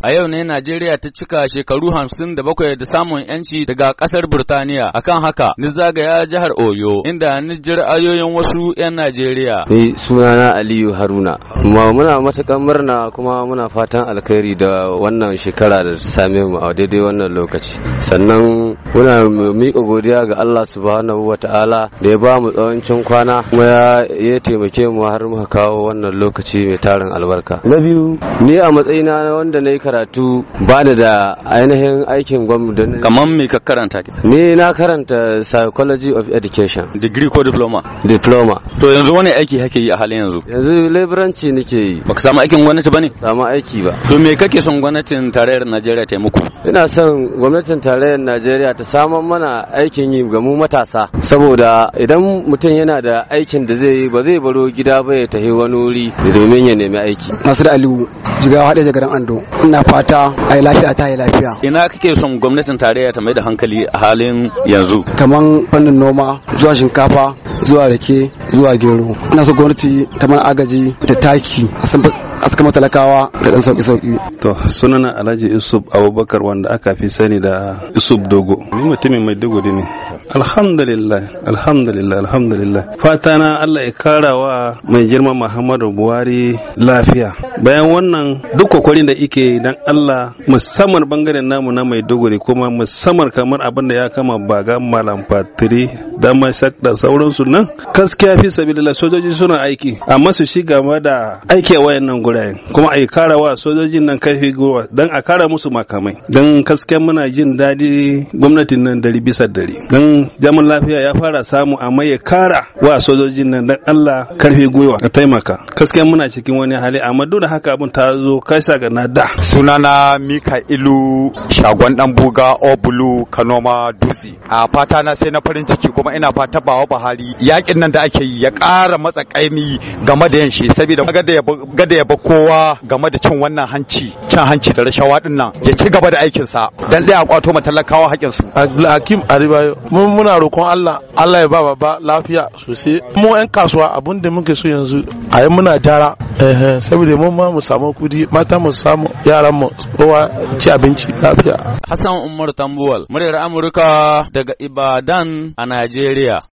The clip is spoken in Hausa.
A yau ne Najeriya ta cika shekaru hamsin da bakwai da samun ‘yanci daga ƙasar Burtaniya, kan haka ni zagaya jihar Oyo, inda ni jira ayoyin wasu ‘yan Najeriya. Ni sunana Aliyu Haruna, kuma muna matuƙar murna kuma muna fatan alkhairi da wannan shekara da ta same mu a daidai wannan lokaci. Sannan muna miƙa godiya ga Allah subhanahu wa ta'ala da ya ba mu tsawancin kwana kuma ya taimake mu har muka kawo wannan lokaci mai tarin albarka. Na biyu, ni a matsayina na wanda na karatu ba da da ainihin aikin gwamnati kamar me ka karanta ni na karanta psychology of education degree ko diploma diploma to yanzu wani aiki hake yi a halin yanzu yanzu leburanci nake yi baka samu aikin gwamnati bane samu aiki ba to me kake son gwamnatin tarayyar Najeriya ta yi muku ina son gwamnatin tarayyar Najeriya ta samar mana aikin yi ga mu matasa saboda idan mutum yana da aikin da zai yi ba zai baro gida ba ya tafi wani wuri domin ya nemi aiki Nasir Aliyu jigawa haɗe jagaran Ando ina ina fata a yi lafiya ta yi lafiya ina kake son gwamnatin tarayya ta mai da hankali a halin yanzu kaman fannin noma zuwa shinkafa zuwa rake zuwa gero ina so gwamnati ta mana agaji da taki a a matalakawa da dan sauki sauki to sunana alhaji yusuf abubakar wanda aka fi sani da yusuf dogo ni mutumin mai dogo ne alhamdulillah alhamdulillah alhamdulillah fata allah ya kara wa mai girma muhammadu buhari lafiya bayan wannan duk kokarin da ike dan allah musamman bangaren namu na mai dogo kuma musamman kamar abin da ya kama baga malam fatiri dama sak da sauransu nan gaskiya fi sabilillah sojoji suna aiki amma su shiga da aiki a wayannan gurayen kuma a kara wa sojojin nan kai gwiwa don a kara musu makamai don kasken muna jin daɗi gwamnatin nan dari bisa dari don jamin lafiya ya fara samu amma ya kara wa sojojin nan don Allah karfi gwiwa a taimaka kasken muna cikin wani hali amma duk da haka abin ta zo sa ga na sunana mika ilu shagon dan buga obulu kanoma dutse a fata na sai na farin ciki kuma ina fata bawa buhari yakin nan da ake yi ya ƙara matsa game da yanshi saboda gada ya kowa game da cin wannan hanci cin hanci da rashawa din nan ya ci gaba da aikin sa dan dai a kwato ma talakawa haƙin su hakim aribayo mun muna roƙon Allah Allah ya ba baba lafiya sosai mu yan kasuwa abin da muke so yanzu a yi muna jara saboda mun ma mu samu kudi mata mu samu yaran mu kowa ci abinci lafiya Hassan Umar Tambuwal muryar Amurka daga Ibadan a Najeriya